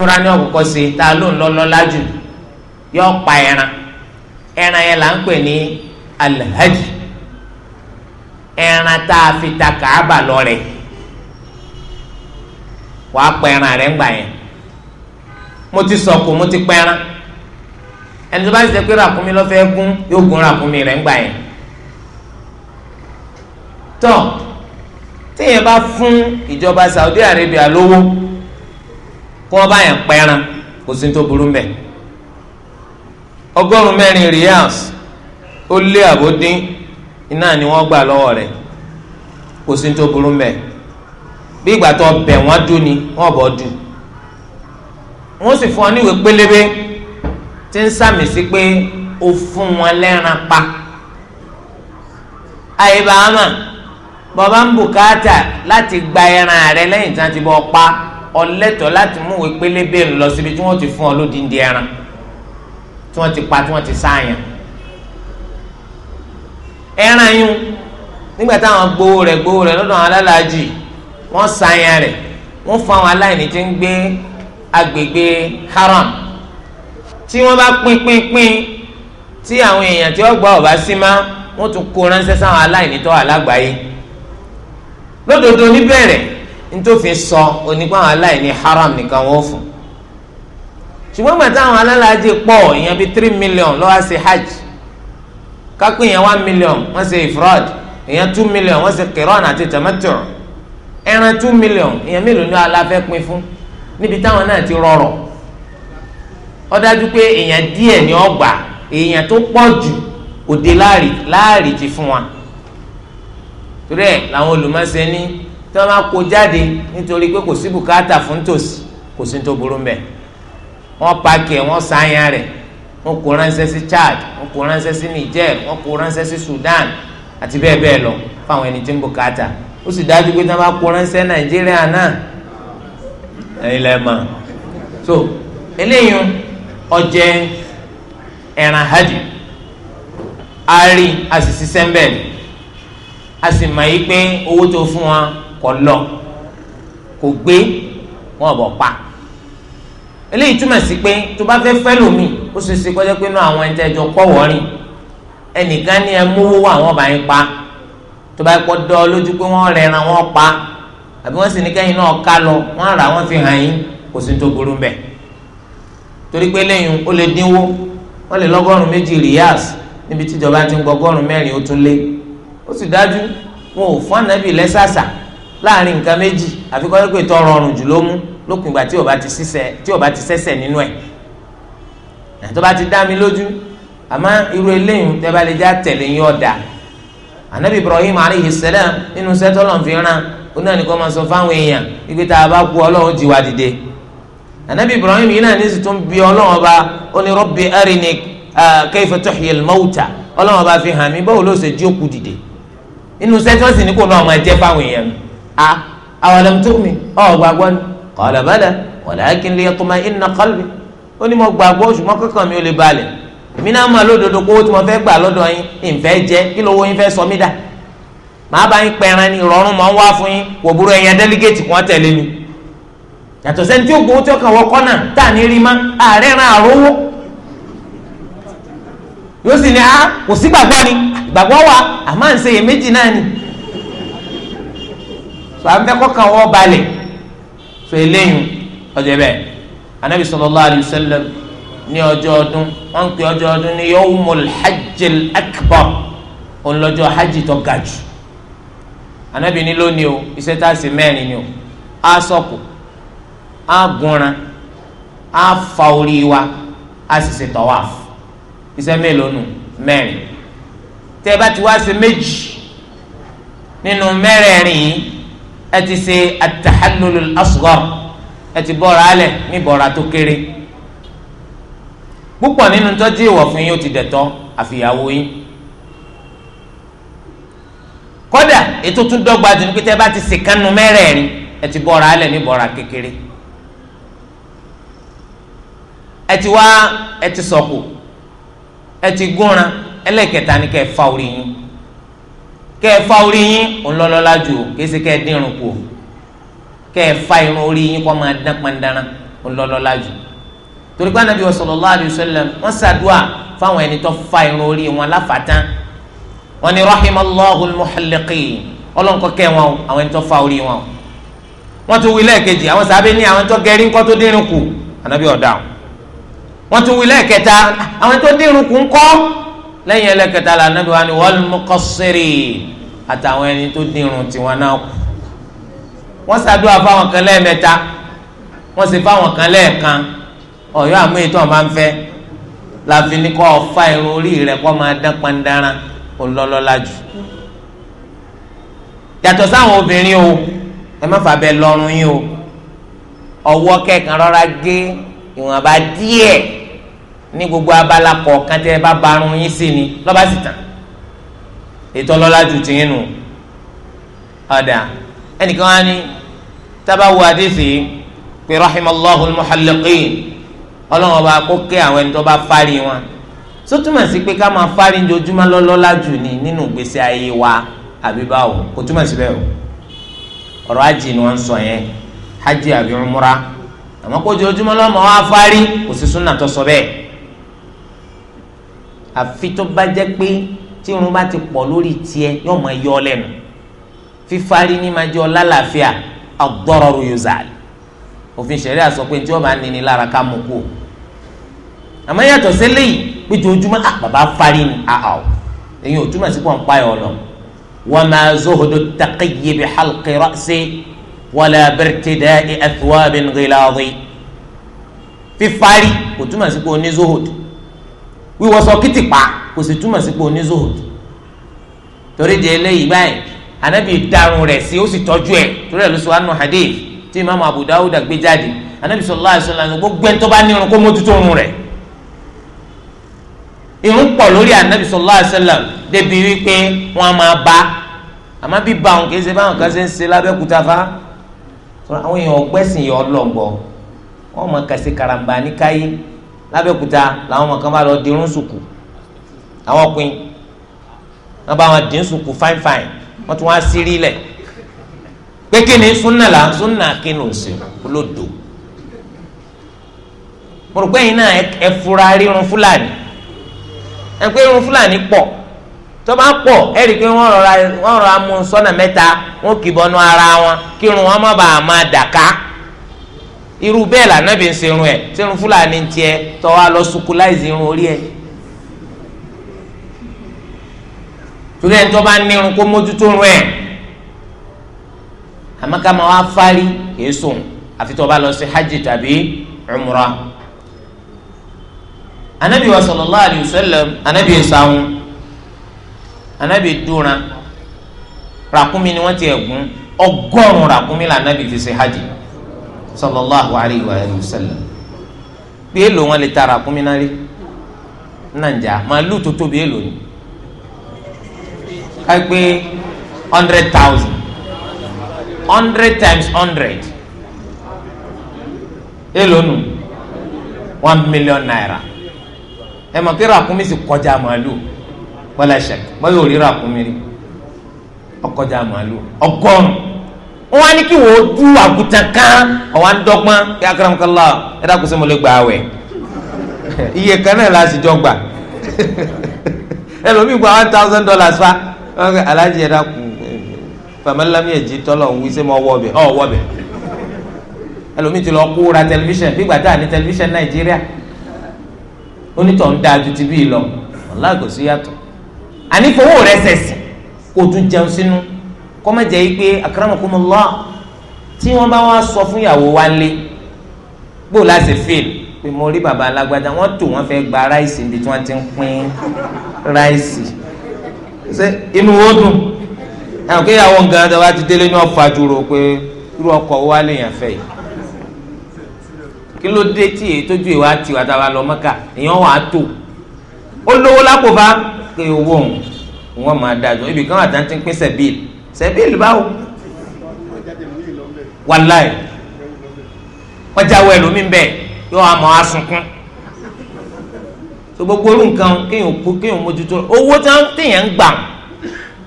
múra ní ọ̀kọ̀kọ̀ sí lo a lóun lọ́lọ́lá jù yọ pa ẹran ẹran yẹn là ń pè ní alhaji ẹran tá a fi ta kàába wàá ẹran mo ti sọ̀kù mo ti pa ẹni tó bá ti sẹ pé ràkúnmí lọ́fẹ́ gún yóò gún ràkúnmí rẹ̀ yẹn fún ìjọba Saudi Arabia lówó. kí ọba bá yàn kò sí tó burú riyals ó lé àbódín iná ni wọ́n gbà lọ́wọ́ rẹ̀ kò sí tó ni wọ́n bọ̀ dùn wọ́n sì fún ọ níwèé pélébé tí ń sàmì sí pé ó fún pa ń bùkátà láti gba ẹran rẹ lẹ́yìn ti bọ́ pa. ọlẹ́tọ̀ láti mú ìwé pélébé lọ síbi tí wọ́n ti fún ọ lódìndí ẹran tí wọ́n ti pa tí wọ́n ti sáàyàn ẹran yún nígbà táwọn gbowó rẹ̀ gbowó rẹ̀ lọ́dọ̀ àwọn alálàájì wọ́n sáàyàn rẹ̀ wọ́n fún àwọn aláìní tí ń gbé agbègbè haram tí wọ́n bá pín pín pín tí àwọn èèyàn tí wọ́n gbọ́ ọ̀bá sí má wọ́n tún kó ránṣẹ́ sáwọn aláìní tó wà lágbàáyé lódodo níbẹ̀rẹ̀ nítòfin sọ onípa àwọn aláìní haram nìkan wọ́n fún ṣùgbọ́n gbà táwọn alálàájì pọ̀ èèyàn bíi three million lọ́wọ́ ṣe hajj kápẹ́ èèyàn one million wọ́n ṣe ifrad èèyàn two million wọ́n ṣe qiran àti tamattu ẹran two million èèyàn mélòó ni aláfẹ́ fún níbi táwọn náà ti rọrọ̀ ó dájú pé èèyàn díẹ̀ ni ó gbà èèyàn tó pọ̀ jù òde láàrì láàrì ti fún wa torí ẹ̀ làwọn tí wọ́n máa kó jáde nítorí pé kò sí bùkátà fún tòsí kò sí tó burú wọn paaki kó sí Chad wọn kó Niger wọn kó ránṣẹ sí Sudan àti bẹ́ẹ̀ lọ fáwọn ẹni tí ń bùkátà ó sì dájú pé tí bá kó so eléyìí ẹran hajj a rí a sì ṣiṣẹ́ a sì kọ lọ kò gbé wọn bọ̀ pa eléyìí túmọ̀ sí pé tó bá fẹ́ fẹ́ lómi ó ṣe ṣe kọjá pé náà àwọn ẹni tẹ́jọ pọ̀ wọ́rin ẹnìkan ní ẹ mówó wá àwọn ọba yẹn pa tó bá pọ̀ dọ́ lójú pé wọ́n rẹran wọ́n pa àbí wọ́n sì ní kẹ́yìn náà ká lọ wọ́n rà wọ́n fi hàn yín kò sí tó burú mbẹ́ torí pé lẹ́yìn ó lè dínwó wọ́n lè lọ́gọ́rùn-ún méjì rìyàs níbi tíjọba ti ń gbọ́gọ́rùn-ún mẹ́rin ó tún lé ó sì dájú wọn ò fún ànábì lẹ́sàsà láàrin nǹkan méjì àfi kọ́ pé tọrọ ọrùn jù ló mú o bá ti sísẹ n'inu ti dá mi lójú àmọ́ irú eléyìí tẹ́ bá lè já tẹ̀lé yín ọ̀dà ibrahim aleyhi salam nínú fi ràn ó náà nìkan máa sọ fáwọn èèyàn tá a bá kú ọlọ́run jí wa dìde anabi ibrahim yìí náà ní sì tún bí ọlọ́run ọba ó ní ọlọ́run ọba fi hàn mí ló a awalam tu'min ọ̀ gbàgbọ́ ni qala bala walakin liyatma'inna qalbi ó ní mo gbàgbọ́ ṣùgbọ́n kankan mi ò lè balẹ̀ èmi náà máa lódodo pé owó tí mo fẹ́ gbà lọ́dọ̀ yín ìfẹ́ jẹ kí lówó yín fẹ́ sọ mí dà màá bá yín pẹran ni ìrọ̀rùn mọ̀ ń wá fún yín kò burú ẹ̀yin délégéètì kan tẹ̀lé mi yàtọ̀ sẹ́ni tí ó gbowó tí ó kàn wọ kọ́nà tá à ní rí má ààrẹ ran àrówó yóò sì ní a kò sí gbàgbọ́ ni ìgbàgbọ́ wa àmọ́ à ń ṣe iyèméjì náà ni so à ń fẹ́ kọ́kàn wọ́ balẹ̀ so eléyìí ọjọ́ bẹ́ẹ̀ anabi sallallahu alayhi wa sallam ní ọjọ́ ọdún wọ́n ń pè ọjọ́ ọdún ní yawmul hajjil akbar òun lọ́jọ́ hajj tó ga jù anabi ní lónìí o iṣẹ́ tá a sì mẹ́rin ni o á sọ̀kò á gúnran á fa orí wa á sì ṣe tawaf iṣẹ́ mélòó nù mẹ́rin tẹ́ bá ti wá ṣe méjì nínú mẹ́rẹ̀ẹ̀rin yìí ẹ ti ṣe atahallulul asghar ẹ ti bọ́ra alẹ̀ ní bọ́ra tó kéré púpọ̀ nínú tọ́jú ìwọ̀ fún yín ó ti dẹ̀tọ́ àfìyàwó yín kódà ètò tún dọ́gba dùn pé tẹ́ bá ti ṣèkánu mẹ́rẹ̀ẹ̀rin ẹ ti bọ́ra alẹ̀ ní bọ́ra kékeré ẹ ti wá ẹ ti sọ̀kù ẹ ti gúnran ẹlẹ́kẹta ni kẹ́ ẹ fa orí yín kẹ́ ẹ fa orí yín ńlọ́lọ́lá jù o kì í ṣe kẹ́ ẹ dínrùn kù o kẹ́ ẹ fa irun orí yín kọ́ máa dán pandanra ńlọ́lọ́lá jù torí pé anabi sallallahu alayhi wa sallam wọ́n ṣàdúà fáwọn ẹni tó fa irun orí wọn láfàtán wọ́n ní rahimallahu al-muhalliqin ọlọ́nkọ́ kẹ́ wọn o àwọn ẹni tó fa orí wọn o wọ́n tún wí lẹ́ẹ̀kejì àwọn sàbẹ̀ ní àwọn tó gẹ̀rí ńkọ́ tó dínrùn kù anabi ọ̀dà wọ́n tún wí lẹ́ẹ̀kẹta àwọn tó dínrùn kù ńkọ́ lẹ́yìn ẹlẹ́kẹta la nàbí wa ni wal muqassirin àtàwọn ẹni tó dìrun tiwọn náà kù wọ́n ṣàdúrà fáwọn kan lẹ́ẹ̀mẹ́ta wọ́n sì fáwọn kan lẹ́ẹ̀kan ọ̀yọ́ àmú ètò ọ̀ma ń fẹ́ láfi ní kọ́ ọ̀fà irun orí rẹ̀ kọ́ máa dán pandára ọlọ́lọ́lá jù yàtọ̀ sáwọn obìnrin o ẹ má fà bẹ́ẹ̀ lọ́rùn yín o ọwọ́ kẹ̀kan rọra gé ìwọ̀nba díẹ̀ ní gbogbo abala kọ̀ọ̀kan tẹ́ ẹ bá barun yín sí ni lọ́ba sì tàn ètò ọlọ́lá ju tìyín nù ọ̀dà ẹnìkan wá ní tábàwò àdéhìí pé rahimallahu al-muhalliqin ọlọ́run ọba kó kẹ́ àwọn ẹni tó bá fárí wọn sótúmọ̀ sí pé ká máa fárí ojoojúmọ́ lọ́lọ́lá jù ní nínú ìgbésí ayé wa àbí báwo kò túmọ̀ síbẹ̀ o ọ̀rọ̀ àjì ni wọ́n ń sọ yẹn hajj àbí umura àmọ́ kó ojoojúmọ́ lọ́mọ wa fárí kò sí súnà tó sọ bẹ́ẹ̀ àfi tó bá jẹ́ pé tí irun bá ti pọ̀ lórí tiẹ̀ yóò máa yọ ọ lẹ́nu fífarí ní máa jẹ́ ọ lálàáfíà agbọ́rọ̀rù yozàlì òfin ṣẹ̀ríà sọ pé tí wọ́n bá níni lára ká mú kú o àmọ́ yàtọ̀ sílẹ̀ yìí pé jòjúmọ́ àbàbà ah, farí ni àhà ah, ah, o èyí ò túmọ̀ sí pọ̀ ń payọ̀ lọ. wa ma zuhdu taqiyyi bi halqi ra'si wala birtida'i athwabin ghiladi fífarí kò túmọ̀ sí pé oní zohodo wíwọ sọ kìtìpá kò sì túmọ̀ sí pé oní zohud torí di eléyìí báyìí anabi darun rẹ̀ sí ó sì tọ́jú ẹ̀ torí ẹ̀ ló sọ anu hadith tí imaamu abu dawud gbé jáde anabi sallallahu alaihi wasallam gbogbo ẹni tó bá nírun kó mójútó irun rẹ̀ irun pọ̀ lórí anabi sallallahu alaihi wasallam débi wípé wọ́n á máa bá àmọ́ bí ba òun kì í ṣe báwọn kan ṣe ń ṣe lábẹ́kúta fa àwọn èèyàn ọgbẹ́sìn yọ ọlọ́gbọ́ wọ́n mọ kàṣe karambà ní káyé lábẹ́òkúta làwọn ọmọ kan bá lọ dirun sùkù àwọn ọkùnrin wọn bá wọn dín sùkù fine fine wọn tún wá sírí lẹ̀ pé kí ni sunna la, sunna súnà kí ni òsè olódò mo rò pé yín náà ẹ fura rírun fúlàní ẹ pé irun fúlàní pọ̀ tó bá pọ̀ ẹ rí i pé wọ́n rọra mú sọ́nà mẹ́ta wọ́n kì í bọ́nú ara wọn kírun wọn má bàa máa dàka irú bẹ́ẹ̀ lànàbì ń serun ẹ̀ serun fúlàní tiẹ̀ tọ́ wa lọ sukuláìsì irun orí ẹ̀ torí ẹni tó bá ní irun kó mójútó irun ẹ̀ àmọ́ ká fárí kìí àfi tó bá lọ sí hajj tàbí umra anabi wa sallallahu alayhi wa sallam anabi esawun anabi duna, rakumi ni wọ́n ti ẹ̀ gún ọgọ́rùn-ún anabi fi ṣe hajj sallallahu alayhi wa sallam bí èlò wọn lè tara kúmínárì nàìjà màálù tó tóbi èlò ni ká gbé hundred thousand hundred times hundred èlò nù one million naira ẹ mọ̀ kí ràkúnmí sì kọjá màálù wala shak báyọ̀ rí ràkúnmí rí ọkọjá màálù ọgọ́rùn-ún wọn wá ní kí wọn ó dú àgùntàn kan ọ̀wá ń dọ́gbọ́n kí akaramukalá ẹ dákun sí mo lè gbà wẹ̀ iye kan náà la sì jọ gbà ẹlòmíì gba one thousand dollars fa alájì ẹ dákun famalami ẹ̀jí tọ́lọ̀ ń wí sẹ́ mo wọ́ ọbẹ̀ ọ̀ wọ́ ọbẹ̀ ẹlòmíì ti lọ kó ra tẹlifíṣàn bí gbàtà ní tẹlifíṣàn nàìjíríà onítọ̀ ń da ju ti bí lọ ọ̀làgòsí yàtọ̀ ànífowó rẹ̀ sẹ̀sì kó tún jẹun sínú kó má jẹ́ pé akramakumullah tí wọ́n bá wá sọ fún ìyàwó wa lé gbó láti fèl pé mo rí bàbá alágbádá wọ́n tò wọ́n fẹ́ gba ráìsì níbi tí wọ́n ti ń pín ráìsì ṣe inú wo dùn àwọn kéèyàwó nǹkan tó bá ti délé ní ọ̀fà dúró pé irú ọkọ̀ wa lèèyàn fẹ́ yìí kí ló dé tí èyí tójú ìwà tiwa tá a bá lọ mọ́kà èèyàn wà á tò ó lówó lápò bá pé owó òun òun máa dájú ibì kan àtàntí ń pín sẹ́bíìlì sẹ́bíìlì báwo wàláì wọ́n jáwọ́ ẹlòmíì bẹ́ẹ̀ yóò wá mọ́ asunkún so gbogbo orú nǹkan kéèyàn kó kéèyàn mójútó owó tí wọ́n téèyàn ń gbà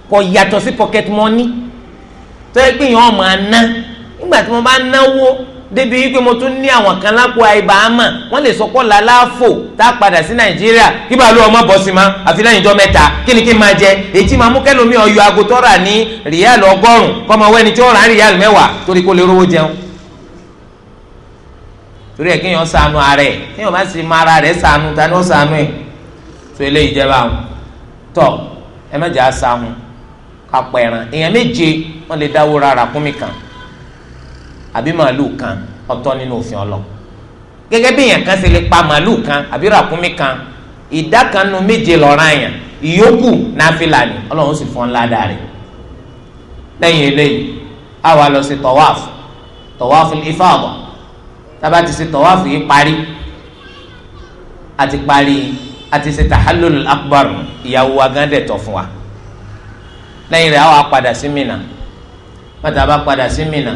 kò yàtọ̀ sí pocket money tó yẹ kéèyàn ọmọ àná nígbà tí wọ́n bá náwó débi wípé mo tún ní àwọn kan lápò àìbáàmà wọ́n lè sọpọ làlàfò tá a padà sí nàìjíríà kí bàálù ọmọ bọ sí ma àfi lẹ́yìn ìjọ mẹ́ta kí ni kí n máa jẹ èyí tí màá mú kẹlòmí ọyọ agotọ rà ní ríàlì ọgọ́rùn kọmọ wẹ ni tí ó rà ríàlì mẹ́wàá torí kó lè rówó jẹun torí ẹ kéèyàn ṣàánú ara ẹ kéèyàn má sì máa ara rẹ ṣàánú ta ni ó ṣàánú ẹ tó eléyìí jẹ báwọn tọ ẹ mẹjọ àṣà wọn kápẹ́ràn èèyàn méje wọ́n lè dáwó rárá kúmìkan àbí màálù kan ọ̀tọ̀ nínú òfin ọlọ gẹ́gẹ́ bí èèyàn kan ṣe lè pa màálù kan àbí ràkúnmí kan ìdá kan nu méje lọ́ra yẹn ìyókù náfìlà ni ọlọ́run sì fọ́n ńlá dáre lẹ́yìn eléyìí a wá lọ sí tọ́wáfù tọ́wáfù ifáàbà tába ti ṣe tọ́wáfù yìí parí àti parí àti ṣe tahallul akbar ìyàwó wa fún wa lẹ́yìn rẹ̀ a padà sí Mínà bàtà bá padà sí Mínà.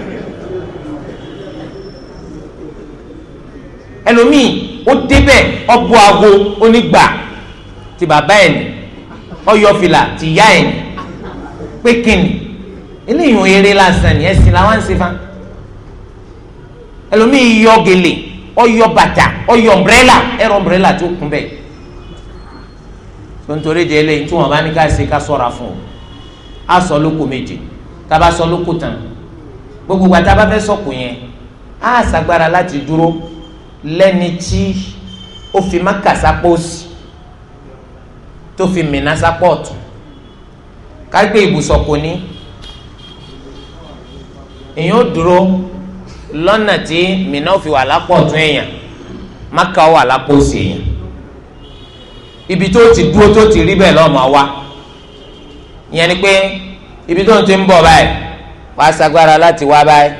ẹlòmíì ó débẹ̀ ọbọ̀ àgbo onígbà ti bàbá ẹ̀ ní ọyọ̀fìlà ti yá ẹ̀ ní pé eléyìí ò lásán ni ẹ̀sìn làwọn ń ṣe fa ẹlòmíì yọ gèlè ọyọ bàtà ọyọ ọmbrẹ́là ẹ̀rọ ọmbrẹ́là tó kún bẹ́ẹ̀ tontori de eléyìí tí wọn bá ní ká ṣe ká ṣọ́ra fún o á sọ lóko méje tá sọ lóko tán gbogbo wa fẹ́ sọ̀kò yẹn á ṣàgbára láti dúró lẹ́ni tí ó fi maka sápò sí tó fi mìíràn sápò ọ̀tún kágbé ibùsọ̀ kò ní èyàn ó dúró lọ́nà tí mìíràn fi wà lápò ọ̀tún èèyàn maka wà lápò sí èèyàn ibi tó ti dúró tó ti rí bẹ́ẹ̀ lọ́mọ wa ìyẹn ni pé ibi tó ti ń bọ̀ báyìí wàá sagbára láti wá báyìí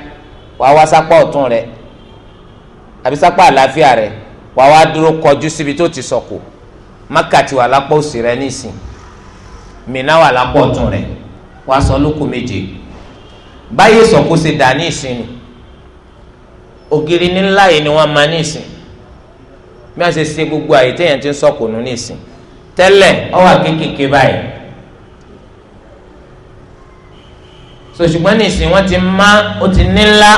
wàá wá sápò ọ̀tún rẹ̀ àbí sápá àlàáfíà rẹ wàá wá dúró kọjú síbi tó ti sọkò Mákà ti wà lápò òsì rẹ nísìn Mínà wà lápò ọ̀tún rẹ wàá sọ lóko méje báyìí sọkò ṣe dà ní ìsìn ni ògiri nílá yìí ni wọ́n máa ní bí wọ́n ṣe ṣe gbogbo àyè téèyàn ti ń sọkò nù ní ìsìn tẹ́lẹ̀ ó báyìí so ṣùgbọ́n ní ìsìn wọ́n ti má ó ti nílá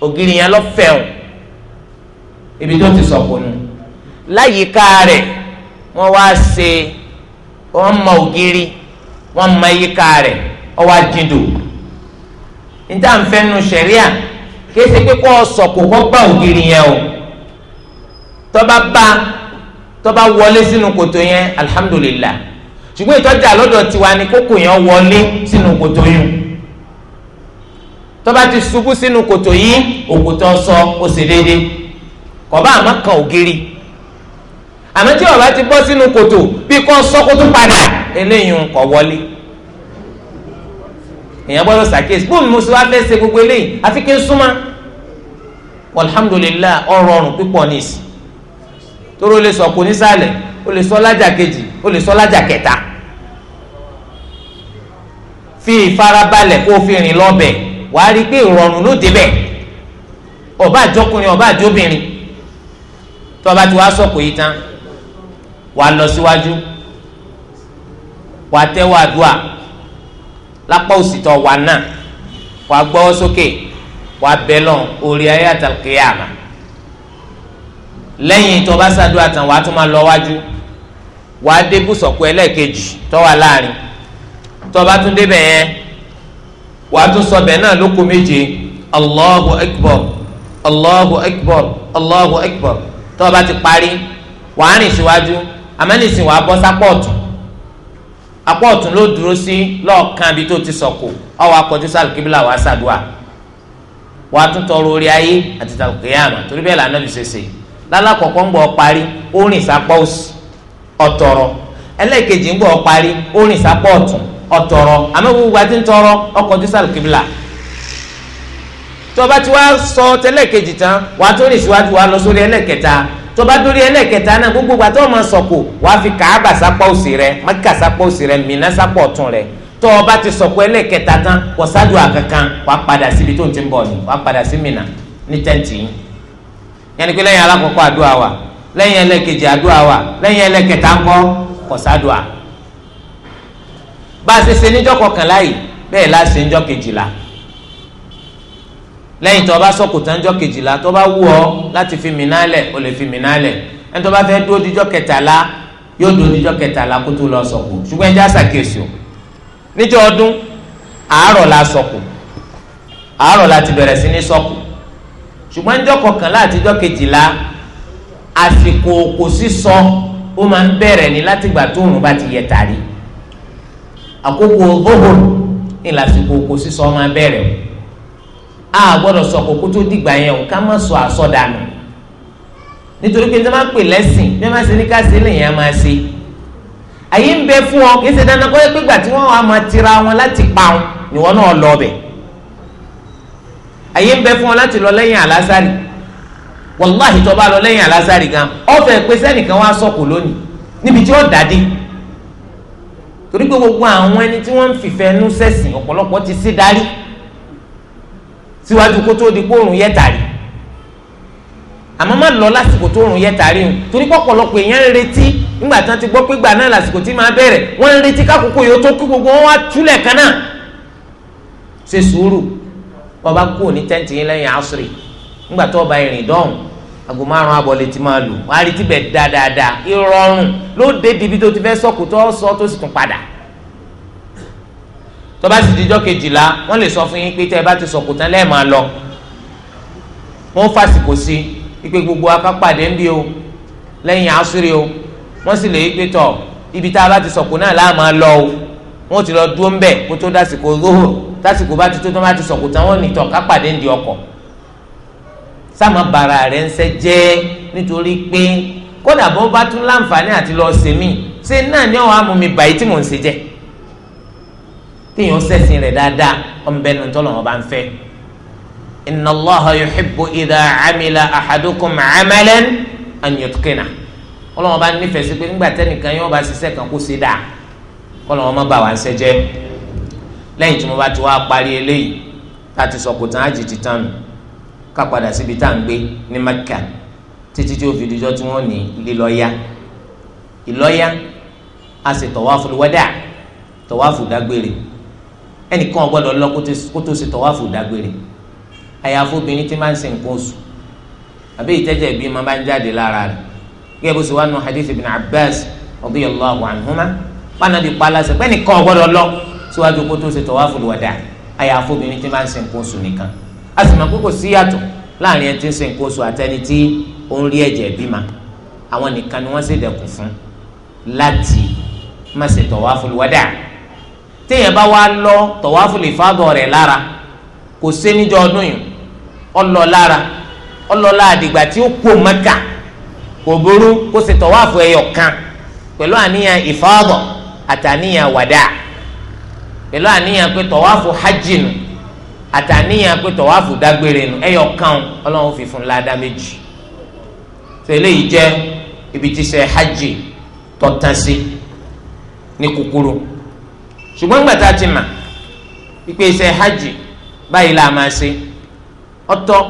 ògiri yẹn lọ́fẹ̀ẹ́ ibi tó ti sọ̀kò nù láyìíká rẹ̀ wọ́n wá ṣe wọ́n mọ ògiri wọ́n mọ yíká rẹ̀ wọ́n wá jìndò níta ń fẹ́ nu sẹ̀ríà kìí ṣe pé kó o sọ̀kò kó gbá ògiri yẹn o tọ́ba bá tọ́ba wọlé sínú kòtò yẹn alihamudulilayi ṣùgbọ́n ìtọ́jà lọ́dọ̀ tiwa ni kókò yẹn wọlé sínú kòtò yìí tọ́ba ti ṣubú sínú kòtò yìí òkòtò sọ ó ṣe déédéé ọba àmọ́ kan ògiri àmọ́ tí ọba ti bọ́ sínú kòtò bí kò sọ́kòtò padà eléyìí kò wọlé èèyàn gbọ́dọ̀ ṣàkíyèsí bóun mo sọ wá fẹ́ ṣe gbogbo eléyìí àfi kí n súnmọ́ alhamdulilayi ọ̀rọ̀ ọ̀rùn pípọ̀ nìsí tóró lè sọ kò nísàlẹ̀ o lè sọ lájà kejì o lè sọ lájà kẹta fi ìfarabalẹ̀ kó o fi rìn lọ́bẹ̀ wàá rí i pé ìrọ̀rùn ló débẹ̀ ọba àjọkùnrin ọba àjọbìnrin tó o bá ti wá sọ̀kò yìí tán wàá lọ síwájú wàá tẹ́wọ́ àdúà lápá òsì tó wà náà wàá gbọ́wọ́ sókè wàá bẹ̀ lọ́n orí ayé àtàkìyàmà lẹ́yìn tó bá ṣàdúrà tán wàá tún máa lọ wájú wàá dé bùsọ̀kò ẹlẹ́ẹ̀kejì tó wà láàrin tó bá tún débẹ̀ yẹn wàá tún sọ bẹ̀ náà lóko méje Allahu akbar Allahu akbar Allahu akbar tó o bá ti parí wàá rìn síwájú àmọ́ nísìnyí wàá bọ́ sápọ̀ ọ̀tún apọ̀ ọ̀tún ló dúró sí lọ́ọ̀kan ibi tó ti sọ̀kò ọ wàá kọjú sáà kíbílà wàá ṣàdúà wàá tún tọrọ orí ayé àti tàlùkìyàmà torí bẹ́ẹ̀ lànà bí ṣèṣe lálàkọ̀kọ́ ń gbọ́ parí ó rìn sápọ̀ ọ̀tọ̀rọ̀ ẹlẹ́ẹ̀kejì ń gbọ́ parí ó rìn sápọ̀ ọ̀tọ̀rọ̀ àmọ́ gbogbo àti ń tọrọ ọkọ̀ ojú tó bá ti wá sọ tẹlẹ́kejì tán wàá tó rìn síwájú wàá lọ sórí ẹlẹ́kẹta tó bá dórí ẹlẹ́kẹta náà gbogbo gbà tó o máa sọ̀kò wàá fi kàába sápọ̀ òsì rẹ Mẹ́kà sápọ̀ òsì rẹ Mínà sápọ̀ ọ̀tún rẹ tó ti sọ̀kò ẹlẹ́kẹta tán kò sáájú àkankan wàá padà síbi tó ń ti bọ̀ ni wàá padà sí Mínà ní tẹ́ǹtì yìí yẹn ni pé lẹ́yìn alákọ̀ọ́kọ́ àdúrà wa lẹ́yìn ẹlẹ́kejì àdúrà wa lẹ́yìn ẹlẹ́kẹta ńkọ́ kò sáájú à lẹ́yìn tó o bá sọ̀kò tán jọ́ kejìlá tó o bá wù ọ́ láti fi mìíràn lẹ̀ o lè fi mìíràn lẹ̀ ẹni tó o bá fẹ́ dúró díjọ́ kẹtàlá yóò dúró díjọ́ kẹtàlá kó tó lọ sọ̀kò ṣùgbọ́n ẹjẹ́ àṣàkíyèsí o níjọ́ ọdún àárọ̀ la sọ̀kò àárọ̀ la ti bẹ̀rẹ̀ sí ní sọ̀kò ṣùgbọ́n ẹjọ́ kọkànlá àtijọ́ kejìlá àsìkò kò sí sọ ó máa ń bẹ̀rẹ̀ ní látìgbà tóòrùn bá ti yẹ tàrí àkókò gbogbo ní a gbọ́dọ̀ sọ kókó tó dìgbà yẹn o ká má sọ àsọdànù nítorí pé ní wọ́n máa pè lẹ́sìn bí wọ́n máa ṣe ní ká ṣe lèyìn á máa ṣe àyè ń bẹ fún ọ kì í ṣe dandan kọ́ ẹ pé gbà tí wọ́n wá máa tira wọn láti pa wọn ìwọ náà lọ ọbẹ̀ àyè ń bẹ fún ọ láti lọ lẹ́yìn àlásàrì wàláhì tó bá lọ lẹ́yìn àlásàrì gan ọfẹ pé sẹ́nìkan wá sọ̀kò lónìí níbi tí ó dàdí torí pé gbogbo àwọn ẹni tí wọ́n ń fìfẹ́ nú sẹ́sìn ọ̀pọ̀lọpọ̀ ti sí darí síwájú kó tó di kóòrùn yẹ tàrí àmọ́ má lọ lásìkò tó rùn yẹ tàrí o torí pọ̀pọ̀lọpọ̀ èèyàn ń retí nígbà tí wọ́n ti gbọ́ pé gbà náà lásìkò tí máa bẹ̀rẹ̀ wọ́n ń retí kákòókò yóò tó kí gbogbo wọn wá túlẹ̀ kan náà ṣe sùúrù wọ́n bá kú òní tẹ́ǹtì yín lẹ́yìn àṣírí nígbà tó ọba ìrìn dọ́hùn aago márùn-ún àbọ̀ lè ti máa lò wọ́n á retí bẹ̀ dáadáa ìrọ̀rùn ló dé dibi tó ti fẹ́ sọ́kù tó sọ tó sì tún padà tó bá sì dijọ́ kejìlá wọ́n lè sọ fún yín pé tẹ́ ẹ bá ti sọ̀kò tán lẹ́ẹ̀ máa lọ wọ́n fàsìkò sí ipe gbogbo akápàdé ń bí o lẹ́yìn àṣírí o wọ́n sì lè pé tọ̀ ibi tá a bá ti sọ̀kò náà láà máa lọ o wọ́n ti lọ dúró ń bẹ̀ kó tó dásìkò róhò dásìkò bá ti tó tó bá ti sọ̀kò tán wọ́n nìtọ̀ kápàdé ń di ọkọ̀ sáàmà bàrà rẹ̀ ń sẹ́ jẹ́ nítorí pé kódà bó bá tún láǹfààní àti lọ́ọ́ sèmí ṣe náà ni ọ̀hún amúmi bàyí tí mò ń ṣe téèyàn ṣẹ̀sìn rẹ̀ dáadáa ọ̀nbẹ́nu tọ́lọ̀ wọn bá ń fẹ́. inna Allaha yuhibbu idha amila ahadukum amalan an yutqina ọlọ́wọ́n bá nífẹ̀ẹ́ sí pé nígbà tẹ́nìkan yóò bá ṣiṣẹ́ kan kó ṣe dáa kọ́lọ́wọ́n má bà wá ń ṣẹ́jẹ́ lẹ́yìn tí mo bá ti wá parí eléyìí tá a ti sọ kò tán á jìjì tán nù ká padà síbi tá à ń gbé ní Mẹ́kà títí tí ó fi dijọ́ tí wọ́n ní lílọ́yà ìlọ́yà a sì tọ̀wáfù wẹ́dà tọ̀wáfù dágbére ẹnìkan ò gbọ́dọ̀ lọ kó tó ṣe tọwáfù dágbére àyàfó obìnrin tí máa ń ṣe nǹkan oṣù àbí ìtẹ́jẹ̀ ìbí máa bá ń jáde lára rẹ̀ gẹ́gẹ́ bó ṣe wá nu hadith ibn Abbas radiyallahu anhuma pànàbí palasẹ pé ẹnìkan ò gbọ́dọ̀ lọ síwájú kó tó ṣe tọwáfù wàdà àyàfó obìnrin tí máa ń ṣe nǹkan oṣù nìkan a sì mọ̀ pé kò síyàtọ̀ láàrin ẹni tí ń ṣe nǹkan oṣù àtẹni tí ó ń rí ẹ̀jẹ̀ bímọ àwọn nìkan ni téèyàn bá wá lọ tọ̀wáfù lè fádọ̀ rẹ̀ lára kò sé níjọ́ ọdún yìí ọlọ lára ọlọlá àdìgbà tí ó kó Mẹ́kà kò burú kó ṣe tọ̀wáfù ẹyọ kan pẹ̀lú àníyàn ìfádọ̀ àtàníyàn wàdà pẹ̀lú àníyàn pé tọ̀wáfù hajjinu àtàníyàn pé tọ̀wáfù dágbére nu ẹyọ kan ọlọ́run fi fún ládàá méjì tó eléyìí jẹ́ ibi tí ṣe hajj tọ̀tàn sí ní kúkúrú. ṣùgbọ́n nígbà tá a ti mà ìpè iṣẹ́ hajj báyìí la máa ṣe ọ̀tọ̀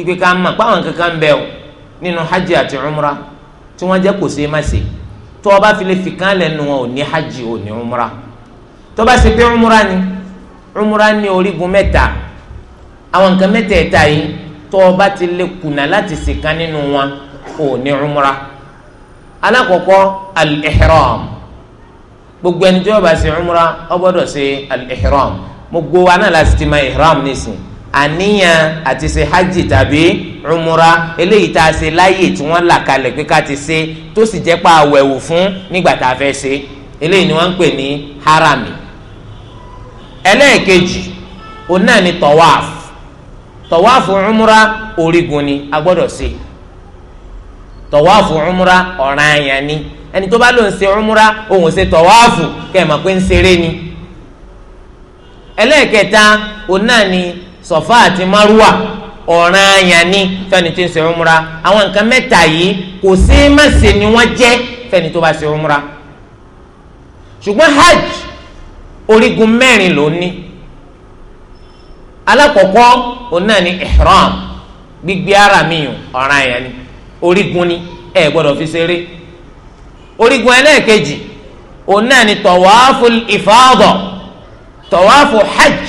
ìpè ká mà pàwọn kankan ń bẹ o nínú hajj àti umra tí wọ́n jẹ́ kò ṣe é má ṣe tó o bá fi lè fìkan lẹ́nu wọn ò ní hajj ò ní umra tó o bá ṣe pé umra ni umra ní orígun mẹ́ta àwọn nǹkan mẹ́tẹ̀ẹ̀ta yìí tó o bá ti lè kùnà láti ṣèkan nínú wọn ò ní umra alákọ̀ọ́kọ́ al-ihram gbogbo ẹni tí wọn bá ṣe umra ó gbọ́dọ̀ ṣe al-ihram gbogbo wa náà láti ti ma ihram nísìn àníyàn àti ṣe hajj tàbí umra eléyìí tá a ṣe láàyè tí wọn là kalẹ̀ pé ká ti ṣe tó sì jẹ́ pa àwẹ̀wò fún nígbà tá a fẹ́ ṣe eléyìí ni wọ́n ń pè ní harami ẹlẹ́ẹ̀kejì òun náà ni tawaf tọwáàfù umra orígun ni a gbọ́dọ̀ ṣe tọwáàfù umra ọ̀ranyàn ẹni tó bá lò ń ṣe umra òun ṣe tọ̀wáàfù kẹ́ẹ̀mọ̀ pé ń ṣeré ni ẹlẹ́ẹ̀kẹta òun náà ni sọ̀fà àti márùwà ọ̀ràn àyàn ni fẹ́ni tó ń ṣe umra àwọn nǹkan mẹ́ta yìí kò sí mẹ́sẹ̀ ni wọ́n jẹ́ fẹ́ni tó bá ṣe umra ṣùgbọ́n hajj orígun mẹ́rin ló ní alákọ̀ọ́kọ́ òun náà ni ihram gbígbé ara mi ọ̀ràn àyàn ni orígun ni ẹ gbọ́dọ̀ fi ṣeré orígun ẹlẹ́ẹ̀kejì òun náà ni tọ̀wáfù ìfáàdọ̀ tọ̀wáfù hajj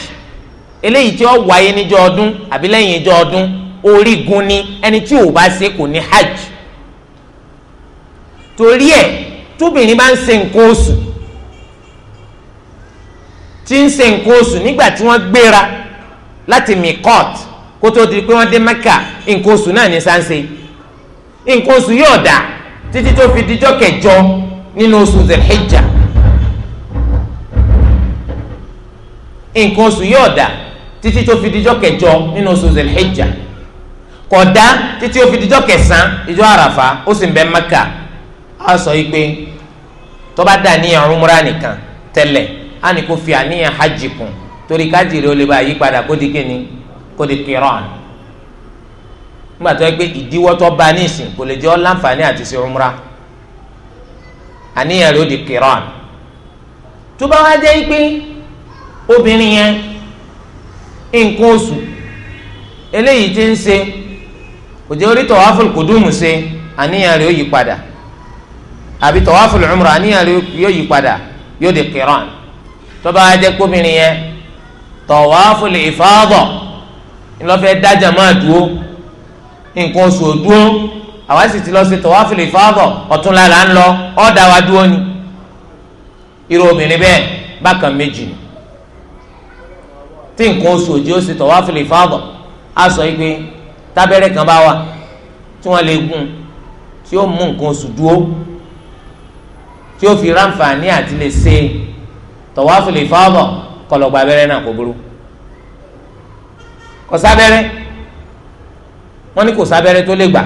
eléyìí tí ó wáyé níjọ́ ọdún àbí lẹ́yìn ìjọ́ ọdún orígun ni ẹni tí ò bá ṣe kò ní hajj torí ẹ̀ tóbìnrin bá ń ṣe nǹkan oṣù tí ń ṣe nǹkan oṣù nígbà tí wọ́n gbéra láti mikot kó tó di pé wọ́n dé mẹ́kà nǹkan oṣù náà ní sáńsẹ́ nǹkan oṣù yóò dáa títí tó fi dijọ́ kẹjọ nínú oṣù zelhijja nǹkan oṣù yóò dà títí tó fi dijọ́ kẹjọ nínú oṣù zelhijja kódà títí ó fi dijọ́ kẹsàn-án ijọ́ àràfà ó sì ń bẹ mẹ́kà á sọ yìí pé tó bá dà níyàn umra nìkan tẹ́lẹ̀ á ní kó fi àníyàn hajj kún torí kájìrì ó lè bá yí padà kó di kíni kó di qiran nígbà tó yẹ pé ìdíwọ́ tó bá nísìn kò lè jẹ́ ọ́ láǹfààní àti ṣe umra àníyàn rẹ̀ ó di kiran tó bá wá jẹ́ pé obìnrin yẹn nǹkan oṣù eléyìí ti ń ṣe kò jẹ́ orí tawaful kudum ṣe àníyàn rẹ̀ ó yí padà àbí tawaful umra àníyàn rẹ̀ yóò yí padà yóò di kiran tó bá wá jẹ́ pé obìnrin yẹn tawaful ifada ńlọ́fẹ́ dájà máa dúró nǹkan oṣù òdúró àwa sì ti lọ sí tawaful ifada ọ̀tún lára ń lọ ọ̀dà wa dúró ni irú obìnrin bẹ́ẹ̀ bákan méjì ni tí nǹkan oṣù òjì ó sì tawaful ifada á sọ yìí pé tábẹ́rẹ́ kan bá wà tí wọ́n lè gún tí ó mú nǹkan oṣù dúró tí ó fi ráǹfààní àti lè ṣe tawaful ifada kọlọ̀gbà abẹ́rẹ́ náà kò burú kọ̀sábẹ́rẹ́ wọ́n ní kò sábẹ́rẹ́ tó lè gbà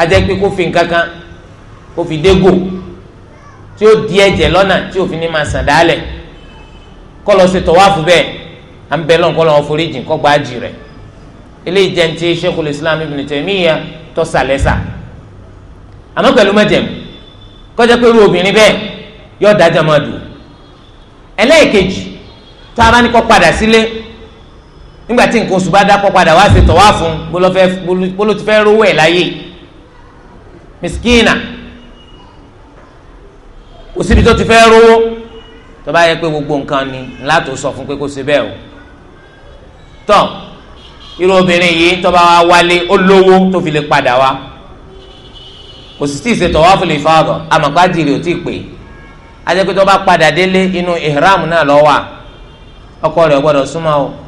ajẹ́ pé kó fi nǹkan kan kó fi dégò tí ó di ẹ̀jẹ̀ lọ́nà tí òfin ní máa sàn dálẹ̀ kọ́ lọ sí tọ́wáfù bẹ́ẹ̀ à ń bẹ lọ́n kọ́ lọ́n foríjì kọ́ gba àjì rẹ̀ eléyìí jẹ́ ti Sheikhul Islam Ibn Taymiyyah tó sàlẹ́sà àmọ́ pẹ̀lú mẹ́jẹ̀mú kọjá pé irú obìnrin bẹ́ẹ̀ yóò dájà máa dùn ẹlẹ́ẹ̀kejì tá a ní kọ́ padà sílé. Si nígbà tí nǹkan oṣù bá dákọ́ padà wá ṣe tọ̀ wá fún bóló ti fẹ́ rówó miskina kò síbi tó ti fẹ́ rówó tó bá yẹ pé gbogbo nǹkan ni láti sọ fún pé kò sí bẹ́ẹ̀ o tọ́ irú obìnrin yìí tó bá wá wálé ó lówó tó fi lè padà wá kò sì tí ì ṣe tọ̀ wá fún lè fọ́ọ̀rọ̀ àmọ̀pájìrì ò tí ì pè padà délé inú ìhram náà ló wà ọkọ rẹ̀ gbọ́dọ̀ súnmọ́ o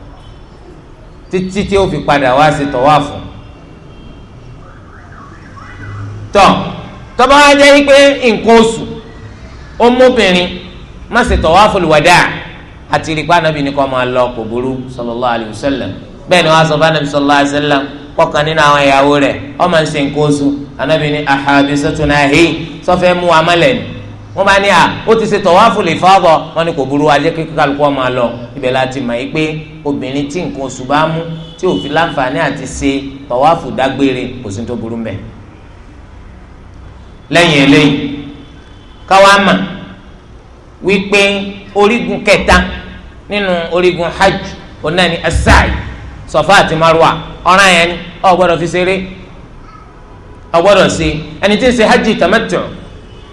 títí tí ó fi padà wá sí tọ̀wáàfù tọ̀ tọ́ba wa jẹ́ pé nǹkan oṣù ó mọ́bìnrin má ṣe tọ̀wáàfù lùwàdà àti ìrìkpá anabi ni kò máa lọ kò burú sallallahu alayhi wa sallam bẹ́ẹ̀ ni wọ́n sọ fún anabi sallallahu alayhi wa sallam kọkàn nínú àwọn ìyàwó rẹ̀ ó máa ń ṣe nǹkan oṣù anabi ni ahabisatuna hi sọfẹ́ mu amalẹ̀ ni wọ́n bá ní à ó ti ṣe tọ̀wáfù lè fọ́ọ̀bọ̀ wọ́n ní kò burú ajẹ́ kí kálukú ọmọ lọ ibẹ̀ láti mọ̀ yìí pé obìnrin tí nǹkan oṣù bá mú tí òfin láǹfààní àti ṣe tọ̀wáfù dágbére kò sí tó burú mbẹ̀. lẹ́yìn eléyìí káwá mà wípé orígun kẹta nínú orígun hajj ọ̀nà ni asai àti marwa ọ̀ràn yẹn ni fi ṣeré ọ̀ gbọ́dọ̀ ẹni tí ń ṣe hajj tamattu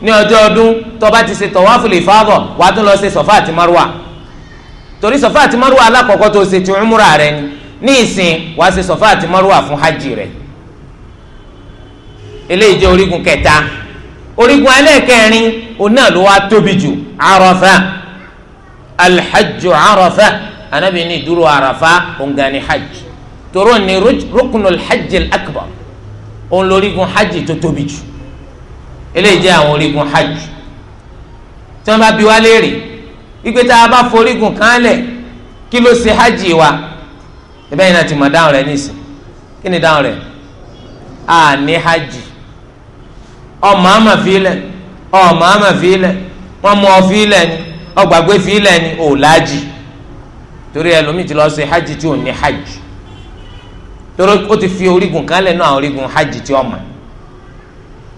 ní ọjọ́ ọdún tó bá ti ṣe tawaful ifada wàá tún lọ ṣe sọ̀fà àti márùwà torí sọ̀fà àti márùwà alákọ̀ọ́kọ́ tó ṣe ti umra rẹ ni ní ìsìn wàá ṣe sọ̀fà àti márùwà fún hajj rẹ eléyìí jẹ́ orígun kẹta orígun ẹlẹ́ẹ̀kẹrin òun náà ló wá tóbi jù Arafa alhajj Arafa anabi ní ìdúró Arafa òǹgàní hajj tòró ni rukunul hajj akbar òun lórígun hajj tó tóbi jù eléyìí jẹ́ àwọn orígun hajj tí wọ́n bá bi wá léèrè tá a bá forígun kan kí ló ṣe hajj wa ìbẹ́ yìí náà ti mọ̀ dáhùn rẹ̀ nísìn kí ni dáhùn rẹ̀ a ní hajj ọmọ àmà fílẹ̀ ọmọ àmà mú ọ ni ọgbàgbé ni ò lájì torí ẹlòmíì ti lọ ṣe hajj tí ò ní hajj torí ó ti fi orígun náà orígun hajj tí ọmọ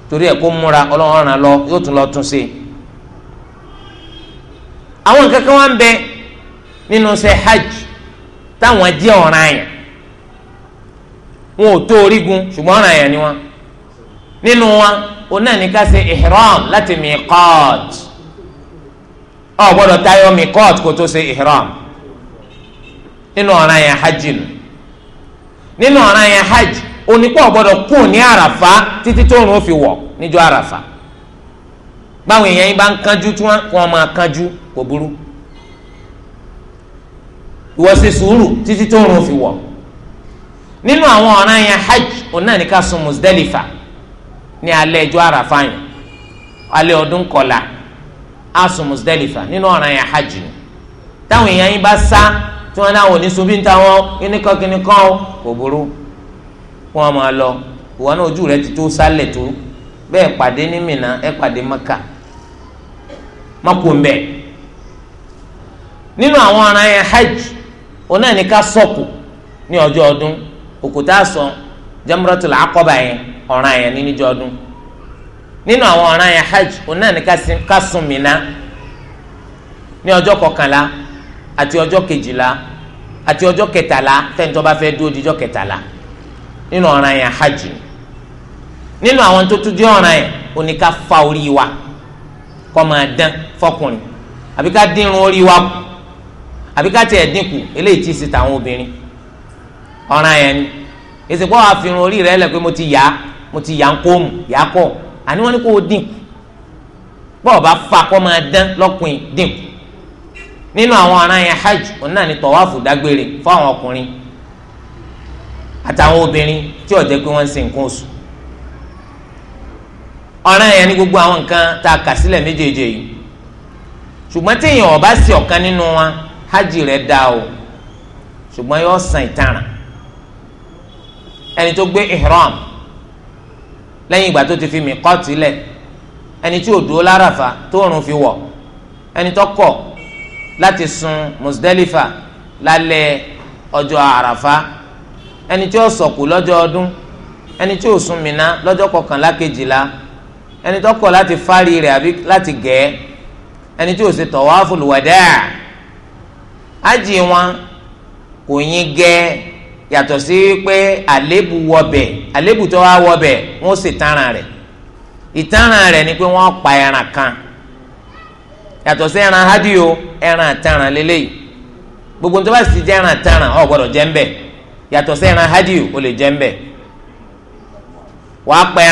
torí ẹ̀ kó múra ọlọ́run lọ yóò tún lọ tún ṣe. àwọn nǹkan kan wá ń bẹ nínú ṣe hajj táwọn jẹ́ ọ̀ranyàn wọn ò tó orígun ṣùgbọ́n ọ̀ranyàn ni wọn nínú wa òun náà ní ká ṣe ihram láti miqat ọ gbọ́dọ̀ tayọ miqat kó tó ṣe ihram nínú ọ̀ranyàn hajj nù nínú ọ̀ranyàn hajj onípò ọ̀gbọ́dọ̀ kù ní àràfá títí tó ń fi wọ̀ níjọ́ àràfá. báwọn èèyàn yín bá ń kánjú tí wọ́n máa kánjú kò burú ìwọ ṣe sùúrù títí tó rùn fi wọ nínú àwọn ọ̀ràn yẹn hajj òun náà ní ká sun Muzdalifa ní alẹ́ ẹjọ́ àràfà alẹ́ ọdún nínú ọ̀ràn yẹn hajj ni táwọn èèyàn yín bá sá tí náà wò ní sunbí ta wọn kíníkan kíníkan kò burú máa lọ ìwọ náà ojú rẹ ma kú ń nínú àwọn ọ̀ràn yẹn hajj òun náà ní ká sọ̀kù ní ọjọ́ ọdún òkúta sọ jamratul aqaba yẹn ọ̀ràn yẹn ní níjọ́ ọdún nínú àwọn ọ̀ràn yẹn hajj òun náà ní ká sùn Mínà ní ọjọ́ kọkànlá àti ọjọ́ kejìlá àti ọjọ́ kẹtàlá fẹ́ntọ́ bá fẹ́ dúró dijọ́ kẹtàlá nínú ọ̀ràn yẹn hajj nínú àwọn tó tún jẹ́ ọ̀ràn yẹn òun ní ká fa orí wa. kọ́ máa dán fọkùnrin àbí ká dínrún orí wa kù àbí ká tiẹ̀ dínkù eléyìí tí ì sí tàwọn obìnrin ọ̀ràn yẹn ni èsì pọ́ àfihàn orí rẹ̀ lẹ̀ pé mo ti yà mo ti yà ń kó kọ́ àní wọ́n ní kó o dínkù bọ́ ọ bá fa kọ́ máa dán lọ́kùnrin dínkù nínú àwọn ọ̀ràn yẹn hajj òun náà ni tọ̀wáfù dágbére fún àwọn ọkùnrin àtàwọn obìnrin tí ó jẹ́ pé wọ́n ń ṣe nǹkan oṣù ọ̀ràn yẹn ní gbogbo àwọn nǹkan tá kà sílẹ̀ méjèèjì yìí ṣùgbọ́n téèyàn ò bá sí ọ̀kan nínú wọn hajj rẹ̀ dá o ṣùgbọ́n yóò san ìtaràn ẹni tó gbé ihram lẹ́yìn ìgbà tó ti fi mìkọ́ọ̀tì lẹ̀ ẹni tí ò dúró láràfà tóòrùn fi wọ̀ ẹni tó kọ̀ láti sun Muzdalifa lálẹ́ ọjọ́ àràfà ẹni tí ó sọ̀kù lọ́jọ́ ọdún ẹni tí ó sun Mina lọ́jọ́ kọkànlá kejìlá ẹni tó kọ̀ láti fárí àbí láti ẹni tí ò ṣe tawaful wadaa ájì wọn kò yín gẹ yàtọ̀ sí pé àlébù wọbẹ̀ àlébù tó wá wọbẹ̀ wọ́n sì tanràn rẹ̀ ìtanràn rẹ̀ ni pé wọ́n pa ẹran kan yàtọ̀ sí ẹran hádìó ẹran àtanràn lélẹ́yìí gbogbo nítorí sì jẹ́ ẹran ọ̀ yàtọ̀ sí ẹran hádìó lè jẹ́ ń bẹ̀ wàá pa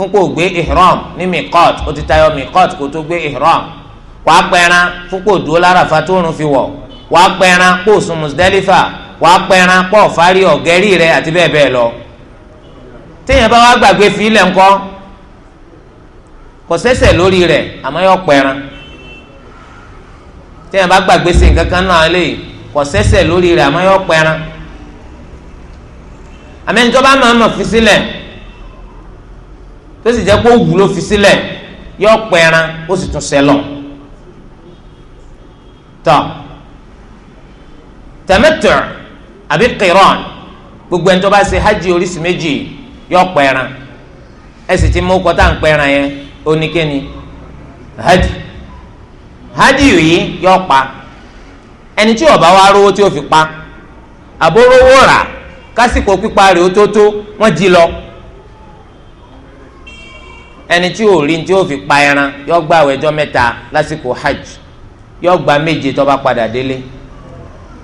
fún kó gbé ihram ní oti ó ti tayọ miqat kó tó gbé ihram wàá pẹran fún kó dúró láràfà tó rùn fi wọ̀ wàá pẹran kó sùn Muzdalifa wàá pẹran kó re ati rẹ àti bẹ́ẹ̀ bẹ́ẹ̀ lọ téèyàn bá wá gbàgbé fílẹ̀ ńkọ́ kò sẹ́sẹ̀ lórí rẹ̀ àmọ́ yọ pẹran téèyàn bá gbàgbé sí nǹkan kan náà lè kò sẹ́sẹ̀ lórí rẹ̀ àmọ́ yọ pẹran máa mọ̀ fi sílẹ̀. Si tó jẹ́ ló fi sílẹ̀ yọ pẹran ó sì tún lọ. tọ tamattu àbí gbogbo ẹni tó bá ṣe hajj oríṣi méjì yọ pẹran ẹ sì ti mú kọtà ń pẹran yẹn oníkéni hajj hajj yìí yọ pa ẹni tí o wa rówó tí ó fi pa àbórówó rà kásìkò pípa rẹ̀ ó wọ́n jí lọ. ẹni tí ò rí tí ó fi pa ẹran yọ gba àwẹjọ mẹta lásìkò hajj yọ gba méje tó padà délé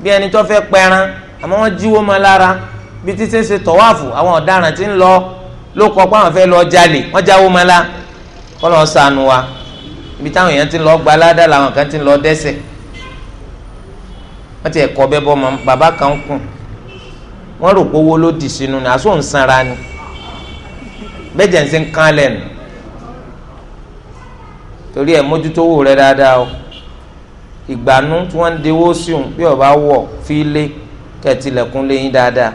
bí ẹni tó fẹ́ pẹran àmọ́ wọ́n jíwó lára bí títí ṣe tọ̀wáàfù àwọn ọ̀daràn tí ń lọ ló pé àwọn jáwó sànù ibi táwọn èèyàn ti gba làwọn kan ti dẹ́sẹ̀ ti bàbá kan kùn rò torí ẹ̀ mójútó wò rẹ dáadáa o ìgbànú tí wọ́n ń dewó sí òun bí ọba wọ̀ fi lé kẹtìlẹ̀kùn léyìn dáadáa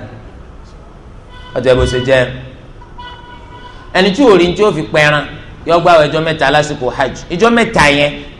ọjọ́ bó ṣe jẹ́ ẹni tí ò tí ó fi pẹran yọ gbàwé ọjọ́ lásìkò hajj ìjọ́ mẹ́ta yẹn